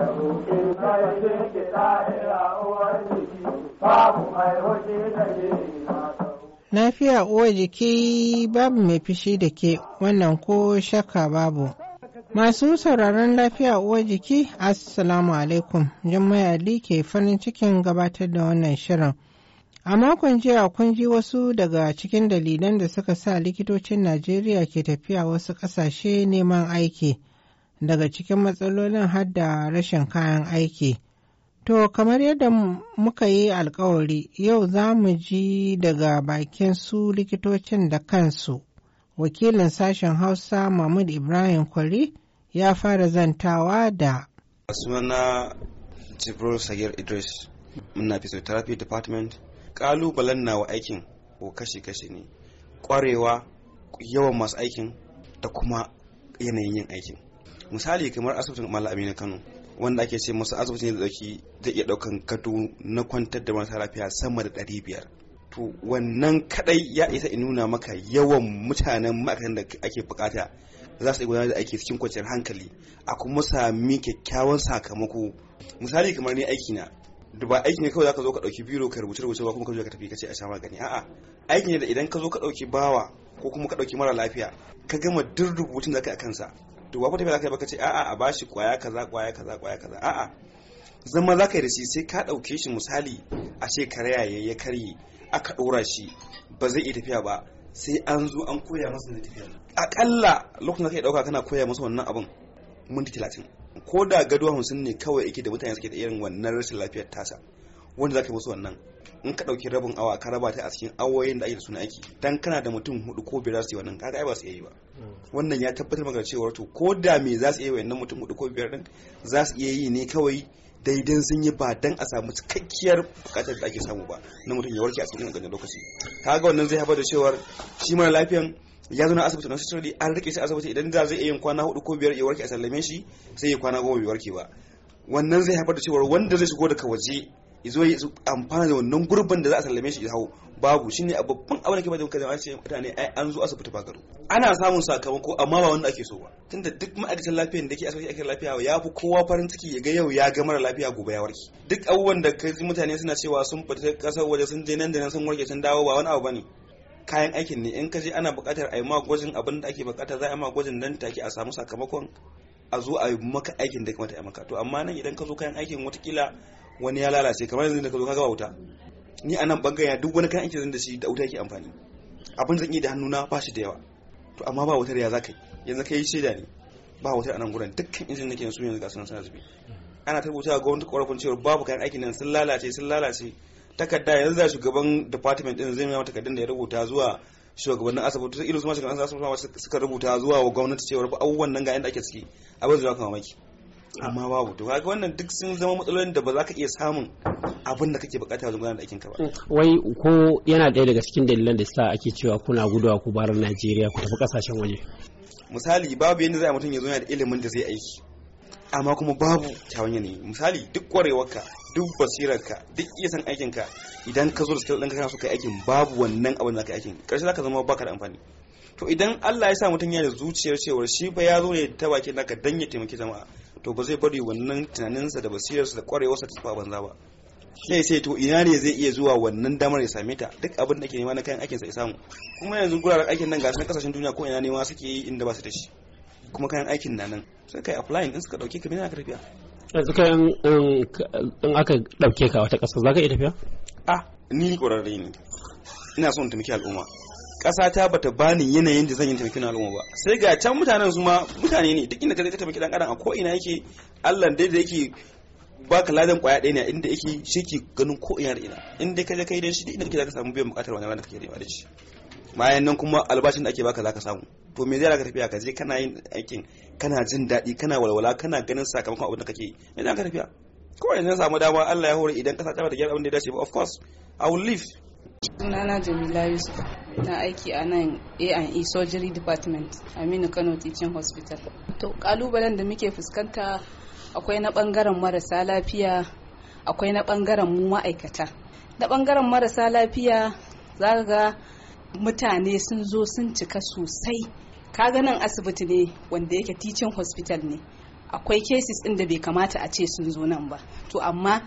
uwar jiki babu mai da ke Lafiya uwa jiki babu mai fishi da ke wannan ko shakka babu. Masu sauraron lafiya uwa jiki, Assalamu alaikum, Jummai Ali ke farin cikin gabatar da wannan shirin. A makon jiya kun ji wasu daga cikin dalilan da suka sa likitocin Najeriya ke tafiya wasu ƙasashe neman aiki. daga cikin matsalolin hadda rashin kayan aiki. To, kamar yadda muka yi alkawari, yau za mu ji daga bakin su likitocin da kansu. Wakilin sashen Hausa Mahmud Ibrahim Kwari ya fara zantawa da. Sunana Jibril Sagir Idris, muna physiotherapy department. Ƙalubalen nawa aikin ko kashi-kashi ne, ƙwarewa, yawan masu aikin da kuma yanayin yin aikin. misali kamar asibitin malam aminu kano wanda ake ce masu asibitin da dauki zai iya daukan gado na kwantar da marasa lafiya sama da ɗari biyar to wannan kadai ya isa in nuna maka yawan mutanen ma'aikatan da ake bukata za su gudanar da aiki cikin kwanciyar hankali a kuma sami kyakkyawan sakamako misali kamar ni aiki na da ba aiki ne kawai zaka zo ka dauki biro ka rubuce rubuce ba kuma ka zo ka tafi ka ce a sha magani a'a aiki ne da idan ka zo ka dauki bawa ko kuma ka dauki mara lafiya ka gama duk rubutun da kai a kansa to ba kuma za ka yi baka ce a'a a bashi kwaya kaza kwaya kaza kwaya kaza a'a zama za ka yi da shi sai ka ɗauke shi misali a ce karaya ya karye aka ɗora shi ba zai iya tafiya ba sai an zo an koya masa da tafiya akalla lokacin da kai ɗauka kana koya masa wannan abin minti 30 ko da gado hamsin ne kawai yake da mutane suke da irin wannan rashin lafiyar tasa wanda za ka musu wannan in ka ɗauki rabin awa ka raba ta a cikin awoyin da ake da suna aiki dan kana da mutum hudu ko biyar za su yi wannan kaga ai ba su iya yi ba hmm. wannan ya tabbatar maka cewa to ko da me za su iya yi wannan mutum hudu ko biyar din za su iya yi ne kawai daidan sun yi ba dan a samu cikakkiyar bukatar da ake samu ba na mutum ya warke a cikin wannan lokaci kaga wannan zai haifar da cewar shi mara lafiyan ya zo na asibiti na sirri an rike shi asibiti idan da zai iya yin kwana hudu ko biyar ya warke a sallame shi sai ya kwana goma bai warke ba wannan zai haifar da cewa wanda zai shigo daga waje izo ya amfana da wannan gurbin da za a sallame shi ya hau babu shine a babban abin da ke bada muka zama ce mutane ai an zo asibiti ba garo ana samun sakamako amma ba wanda ake so ba tunda duk ma'aikatan lafiyar da ke asibiti ake lafiya ya fi kowa farin ciki ya ga yau ya ga mara lafiya gobe ya warke duk abubuwan da kai mutane suna cewa sun fita kasar waje sun je nan da nan sun warke sun dawo ba wani abu bane kayan aikin ne in ka je ana buƙatar a yi ma gwajin abin da ake buƙata za a yi ma gwajin nan take a samu sakamakon a zo a yi maka aikin da kamata a maka to amma nan idan ka zo kayan aikin watakila wani ya lalace kamar yanzu da ka zo ka gaba wuta ni a nan duk wani kan aiki zan da shi da wuta yake amfani abin zan yi da hannuna ba shi da yawa to amma ba wutar ya za ka yi yanzu ka yi shaida ne ba wutar a nan gurin dukkan injin nake su yanzu ga sunan suna zube ana ta wuta ga gwamnati korafin cewa babu kayan aikin nan sun lalace sun lalace takarda yanzu da shugaban department din zai mai takardun da ya rubuta zuwa shugabannin asibiti ta ilu su ma shugaban asibiti suka rubuta zuwa wa gwamnati cewa abubuwan nan ga inda ake ciki abin zuwa kuma maki amma babu to kaga wannan duk sun zama matsalolin da ba za ka iya samun abin da kake bukata wajen gudanar da aikin ka ba hmm. wai ko yana ɗaya daga cikin dalilan da sa ake cewa kuna gudawa ku barar Najeriya ku tafi kasashen waje misali babu yadda zai mutum ya zo yana da ilimin da zai aiki amma kuma babu kyawun yanayi misali duk kwarewarka duk basirarka duk iya san aikinka idan ka zo da skill ka kana so kai aikin babu wannan abin da ka aikin karshe zaka zama baka da amfani to idan Allah ya sa mutum ya da zuciyar cewar shi fa ya zo ne ta bakin naka dan ya taimaki jama'a to ba zai bari wannan tunaninsa da basirarsa da kwarewarsa ta tafi banza ba sai sai to ina ne zai iya zuwa wannan damar ya same ta duk abin da ke nema na kayan aikinsa ya samu kuma yanzu guraren aikin nan ga na kasashen duniya ko ina nema suke yi inda ba su da shi kuma kayan aikin na nan sai kai applying in suka dauke ka me ka tafiya yanzu kai in aka dauke ka wata kasa za ka iya tafiya a ah, ni ƙwararre ne ina son taimaki al'umma ƙasa ta bata bani yanayin da zan yi taimaki al'umma ba sai ga can mutanen su ma mutane ne duk inda ka zai ka tafi dan adam a ko ina yake Allah dai da yake baka ladan kwaya ɗaya ne inda yake shi ke ganin ko ina da ina inda ka je kai dan shi duk inda kake ka samu biyan bukatar wannan ranar kake da da shi bayan nan kuma albashin da ake baka za ka samu to me zai ka tafiya ka je kana yin aikin kana jin daɗi kana walwala kana ganin sakamakon abin da kake yi me ka tafiya wani na samu dama Allah ya hore idan kasa ta bata gyara abin da ya dace ba of course i will leave sunana Jamila Yusuf na aiki a nan A&E Surgery Department Aminu Kano Teaching Hospital. To kalubalen da muke fuskanta akwai na bangaren marasa lafiya akwai na bangaren mu ma'aikata. Na bangaren marasa lafiya za ga mutane sun zo sun cika sosai. Kaga nan asibiti ne wanda yake teaching hospital ne. Akwai cases ɗin da bai kamata a ce sun zo nan ba. To amma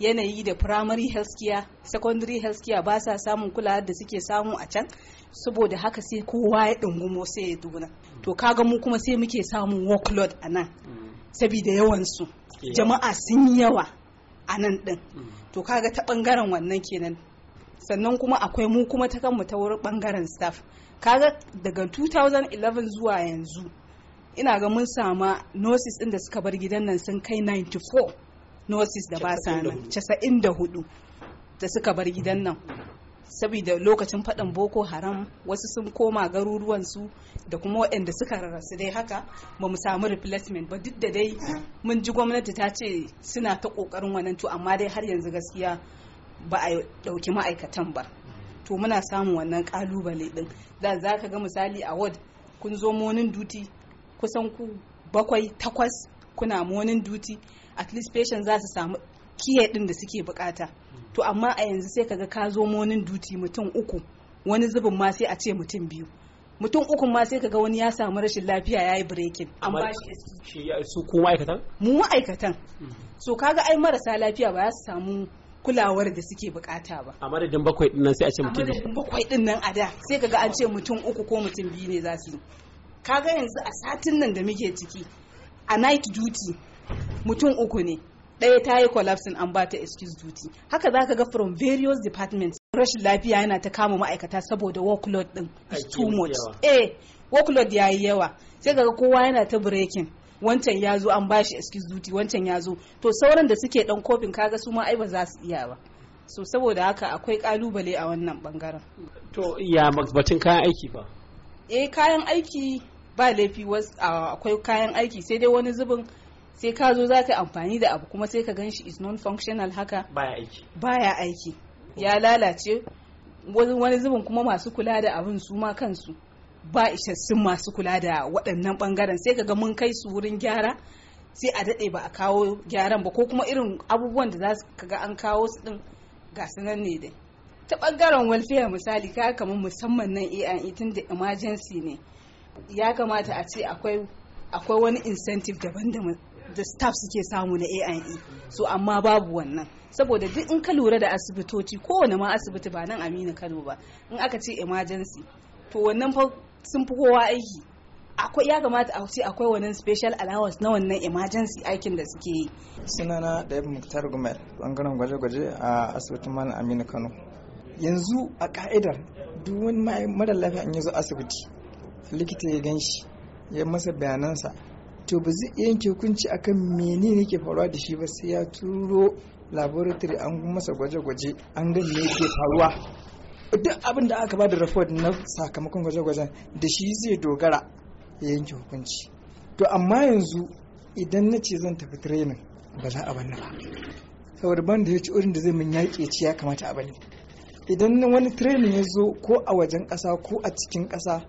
yanayi da primary healthcare secondary healthcare ba sa samun kulawar da suke samu a can saboda haka sai kowa ya dungumo sai ya duna to kaga mu kuma sai muke samun workload a nan saboda yawansu jama'a sun yi yawa a nan din mm. to kaga ta bangaren wannan kenan sannan kuma akwai mu kuma ta kanmu ta wurin bangaren staff kaga daga 2011 zuwa yanzu ina ga mun sama nurses din da suka bar gidan nan sun kai 94 nurses da ba sa nan casa'in da hudu da suka bar gidan nan saboda lokacin faɗin boko haram wasu sun koma garuruwansu da kuma waɗanda suka rarrasu dai haka ba mu samu replacement ba duk da dai mun ji gwamnati ta ce suna ta ƙoƙarin wannan to amma dai har yanzu gaskiya ba a ɗauki ma'aikatan ba to muna samun wannan ƙalubale ɗin da za ka ga misali a ward kun zo monin duty kusan ku bakwai takwas kuna monin duty at least patient za su samu kiye din da suke bukata to amma a yanzu sai kaga ka zo monin duty mutum uku wani zubin ma sai a ce mutum biyu mutum uku ma sai kaga wani ya samu rashin lafiya ya yi breaking an ba shi su ku ma'aikatan mu ma'aikatan mm. so kaga ai marasa lafiya ba za su samu kulawar da suke bukata ba a madadin bakwai din nan sai a ce mutum biyu bakwai din nan a da sai kaga an ce mutum uku ko mutum biyu ne za su kaga yanzu a satin nan da muke ciki a night duty mutum uku ne ɗaya ta yi collapsing an ba ta excuse duty haka za ka ga from various departments rashin lafiya yana ta kama ma'aikata saboda workload din is too much eh workload ya yi yawa sai ga kowa yana ta breaking wancan ya zo an bashi excuse duty wancan ya zo to sauran da suke dan kofin kaga su ma ai ba za su iya ba so saboda haka akwai kalubale a wannan bangaren to ya batun kayan aiki ba. eh kayan aiki ba laifi ah, akwai kayan aiki sai dai wani zubin sai ka zo za ka amfani da abu kuma sai ka gan shi is non functional haka baya aiki aiki ya lalace wani zubin kuma masu kula da abin su ma kansu ba isassun masu kula da waɗannan ɓangaren sai ka ga mun kai su wurin gyara sai a daɗe ba a kawo gyaran ba ko kuma irin abubuwan da za su ga an kawo su ɗin ga nan ne dai ta ɓangaren welfare misali ka kamar musamman nan ai e tun da emergency ne ya kamata a ce akwai wani incentive daban da da staff suke samu na AIE so amma babu wannan saboda duk in ka lura da asibitoci kowane ma asibiti ba nan Aminu Kano ba in aka ce emergency to wannan fa sun fi kowa aiki akwai ya kamata a ce akwai wannan special allowance na wannan emergency aikin da suke yi sunana da yabi muktar gumel bangaren gwaje-gwaje a asibitin malam aminu kano yanzu a ka'idar duk wani mara lafiya in yazo zo asibiti likita ya gan shi ya masa bayanansa to ba zai yanke hukunci akan menene ke faruwa da shi ba sai ya turo laboratory an masa gwaje-gwaje an gani ne ke faruwa duk abin da aka ba da report na sakamakon gwaje-gwajen da shi zai dogara ya yanke hukunci to amma yanzu idan na ce zan tafi training ba za a bani ba saboda ban da ya urin da zai min yaƙe ci ya kamata a bani idan wani training ya zo ko a wajen ƙasa ko a cikin ƙasa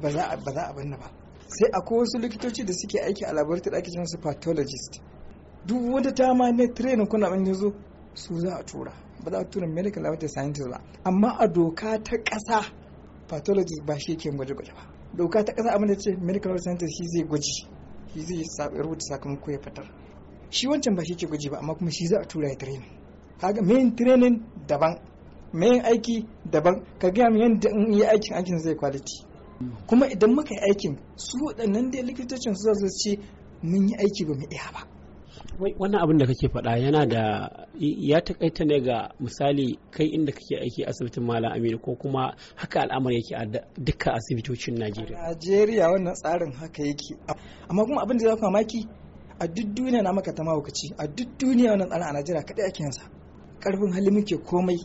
ba za a banna ba sai akwai wasu likitoci da suke aiki a laboratory ake cin su pathologist duk ta ma ne training kuna an yazo su za a tura ba za a tura medical laboratory scientist ba amma a doka ta ƙasa pathologist ba shi ke gwaje-gwaje ba doka ta ƙasa abinda ce medical laboratory scientist shi zai gwaji shi zai rubuta sakamako ya fitar shi wancan ba shi ke gwaji ba amma kuma shi za a tura ya training kaga main training daban main aiki daban ka gaya min yadda in yi aikin aikin zai quality kuma idan muka yi aikin su waɗannan dai likitocin su zai ce mun yi aiki ba mu iya ba wannan abin da kake faɗa yana da ya takaita ne ga misali kai inda kake aiki asibitin malam aminu ko kuma haka al'amari yake a dukkan asibitocin najeriya najeriya wannan tsarin haka yake amma kuma abin da zai ku mamaki a duk duniya na maka ta mahaukaci a duk duniya wannan tsarin a najeriya kaɗai ake yansa ƙarfin hali muke komai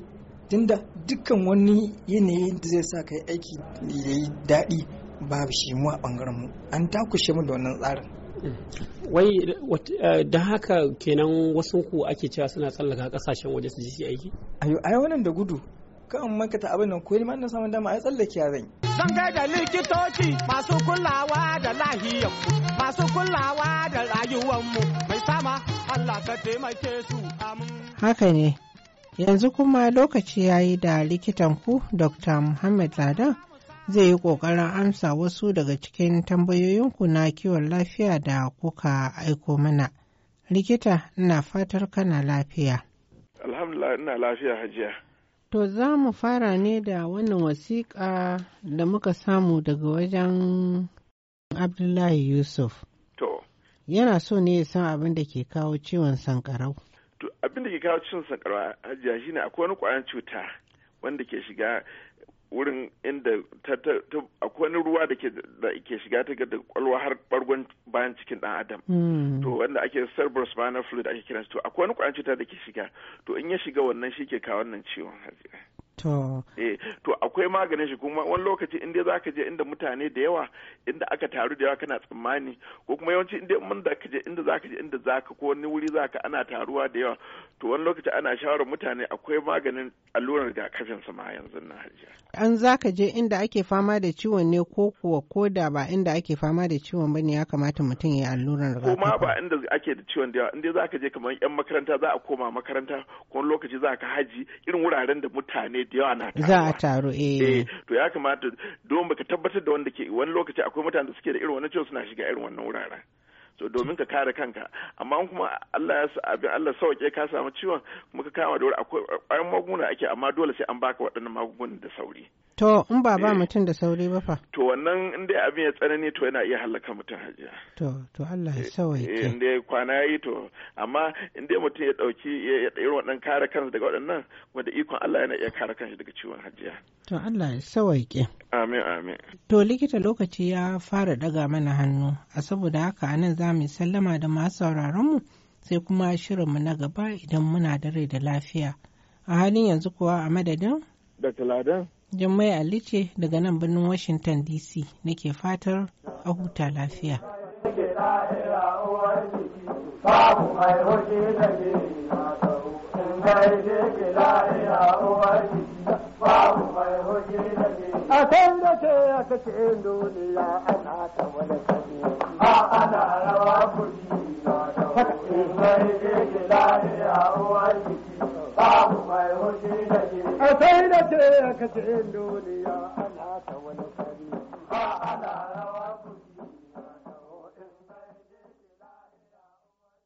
tunda dukkan wani yanayi da zai sa kai aiki ya yi daɗi babu shi mu a ɓangaren mu an takushe mu da wannan tsarin wai da eh, haka kenan wasu ku ake cewa suna tsallaka kasashen waje su ji shi aiki ayo ai wannan da gudu kan makata abin nan ko ma na samun dama ai tsallake ya zan zan kai da likitoci masu kulawa da lahiyar masu kulawa da rayuwar mu mai sama Allah ka taimake su amin haka ne Yanzu kuma lokaci ya yi da likitan ku Dr. Muhammad Ladan zai yi ƙoƙarin amsa wasu daga cikin tambayoyinku na kiwon lafiya da kuka aiko mana. Likita, ina fatar kana lafiya. Alhamdulillah, ina lafiya hajiya. To za mu fara ne da wannan wasiƙa da muka samu daga wajen Abdullahi Yusuf. To. Yana so ne ya san abin da ke kawo ciwon sankarau. to abin da ke kawo cin sankara hajiya shine akwai wani kwayan cuta wanda ke shiga wurin inda akwai wani ruwa da ke shiga ta da kwalwa har bargon bayan cikin dan adam hmm. to wanda ake cerebral spinal fluid ake kiransu to akwai wani kwayan cuta da ke shiga to in ya shiga wannan shi ke kawo wannan ciwon hajiya To. Eh, to akwai maganin shi kuma wani lokaci inda za ka je inda mutane da yawa inda aka taru da yawa kana tsammani ko kuma yawanci inda mun da ka je inda za ka je inda za ka ko wani wuri za ka ana taruwa da yawa to wani lokaci ana shawarar mutane akwai maganin allurar rigakafin su ma yanzu na hajiya. An za ka je inda ake fama da ciwon ne ko kuwa ko da ba inda ake fama da ciwon ba ne ya kamata mutum ya yi allurar rigakafi. Kuma ba inda ake da ciwon da yawa inda za ka je kamar 'yan makaranta za a koma makaranta ko lokaci za ka haji irin wuraren da mutane yau yawa na za a taro eh. eh to ya kamata don baka tabbatar da wanda ke wani lokaci akwai mutane da suke da irin wannan ciwon suna shiga irin wannan wuraren to domin ka kare kanka amma kuma Allah ya abin Allah sauke ka samu ciwon kuma ka kama da akwai ƙwayan magunguna ake amma dole sai an baka waɗannan magungunan da sauri to in ba ba eh. mutum da sauri ba fa to wannan in dai abin ya tsanani to yana iya halaka mutum hajiya to to Allah ya sauke eh, eh, in dai kwana yi to amma in dai mutum ya dauki ya irin waɗannan kare kansa daga waɗannan wanda ikon Allah yana iya kare kansa daga ciwon hajiya to Allah ya sauke amin amin to likita lokaci ya fara daga mana hannu a saboda haka anan za mu sallama da masu mu sai kuma shirinmu na gaba idan muna da rai da lafiya. A halin yanzu kuwa a madadin? Da taladan. Jummai Ali ce daga nan birnin Washington DC nake fatar a huta lafiya. Babu mai hoji da ke na babu mai a kan da ke ya duniya ana ta wani kame a ana rawa kuɗi na da kuɗi mai jiki lahiya uwar jiki babu ke duniya ana a ana